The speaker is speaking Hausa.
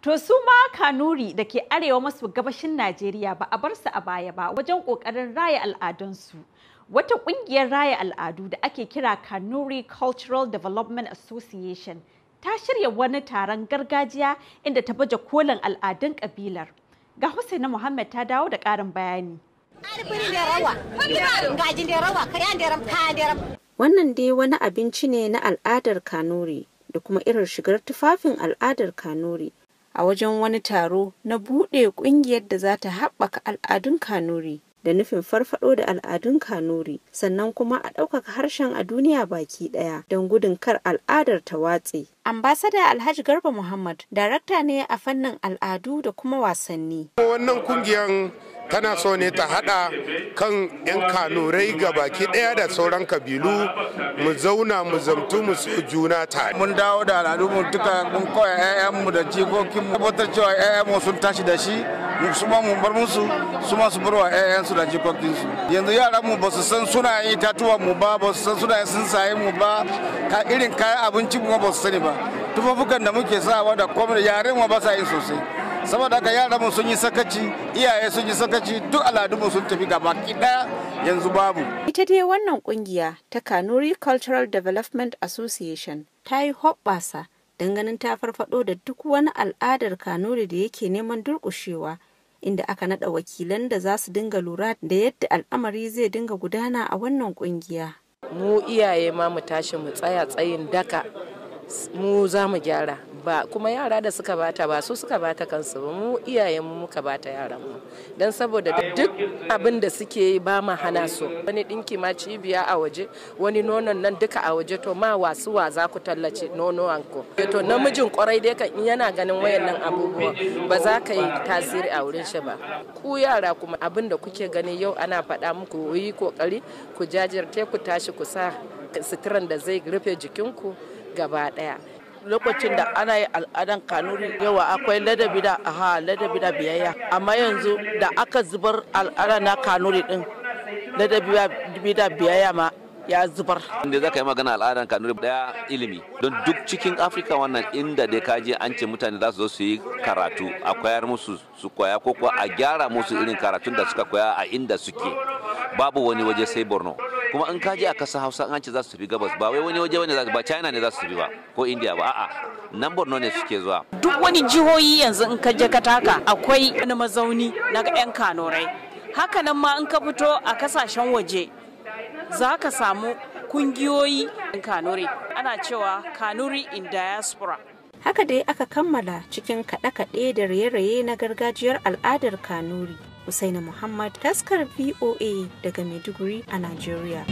To su ma Kanuri da ke arewa masu gabashin Najeriya ba a bar su a baya ba wajen ƙoƙarin raya al'adunsu. Wata ƙungiyar raya al'adu da ake kira Kanuri Cultural Development Association ta shirya wani taron gargajiya inda ta baje kolin al'adun ƙabilar. Ga Husaina Muhammad ta dawo da ƙarin bayani. Wannan dai wani abinci ne na al'adar Kanuri da kuma irin shigar tufafin al'adar Kanuri a wajen wani taro na buɗe ƙungiyar da za ta haɓaka al'adun Kanuri da nufin farfaɗo da al'adun Kanuri sannan kuma a ɗaukaka harshen a duniya baki ɗaya don gudun kar al'adar ta watse. Ambasada Alhaji Garba Muhammad, darakta ne a fannin al'adu da kuma wasanni. Wannan kungiyar tana so ne ta hada kan 'yan kanurai ga baki daya da sauran kabilu mu zauna mu zamtu mu so juna tare mun dawo da al'adunmu duka mun koya 'ya'yanmu da jikokinmu tabbatar cewa 'ya'yanmu sun tashi da shi su ma mu bar musu su ma su bar wa 'ya'yansu da su. yanzu yaran mu ba su san suna yi tatuwa mu ba ba su san sun sunsaye mu ba ka irin kayan abinci mu ba su sani ba tufafukan da muke sawa da komai yaren mu ba sa yin sosai saboda haka yaran mu sun yi sakaci iyaye sun yi sakaci duk al'adunmu sun tafi gaba daya yanzu babu ita dai wannan kungiya ta kanuri cultural development association ta yi hoɓɓasa ganin ta farfado da duk wani al'adar kanuri da yake neman durƙushewa inda aka naɗa wakilan da za su dinga lura da yadda al'amari zai dinga gudana a wannan kungiya mu iyaye ma mu tashi mu tsaya tsayin daka mu za mu gyara ba kuma yara da suka bata ba su suka bata kansu ba mu iyayen mu muka bata yara mu dan saboda duk abin da suke yi ba ma hana su wani dinki ma cibiya a waje wani nonon nan duka a waje to ma wasu wa za ku tallace nono anko to namijin kwarai dai kan yana ganin wayannan abubuwa ba za ka yi tasiri a wurin shi ba ku yara kuma abin da kuke gani yau ana faɗa muku yi kokari ku jajirce ku tashi ku sa sitiran da zai rufe jikinku gaba daya lokacin da ana yi al'adan kanuri yawa akwai ladabi da aha ladabi da biyayya amma yanzu da aka zubar al'ada na kanuri din ladabi da biyayya ma ya zubar. Inda zaka yi magana al'adan Kanuri daya ilimi don duk cikin Afirka wannan inda dai ka je an ce mutane za su zo su yi karatu a koyar musu su koya ko a gyara musu irin karatun da suka koya a inda suke babu wani waje sai Borno. kuma in ka je a kasar hausa an ce za su bi gabas ba wai wani waje wani ba china ne za su bi ba ko india ba a'a nan borno ne suke zuwa duk wani jihohi yanzu in ka je ka taka akwai wani mazauni na yan kanorai haka nan ma in ka fito a kasashen waje za ka samu kungiyoyi kanuri ana cewa kanuri in diaspora haka dai aka kammala cikin kaɗe-kaɗe da raye-raye na gargajiyar al'adar kanuri Usaina Muhammad taskar VOA daga Maiduguri a Najeriya.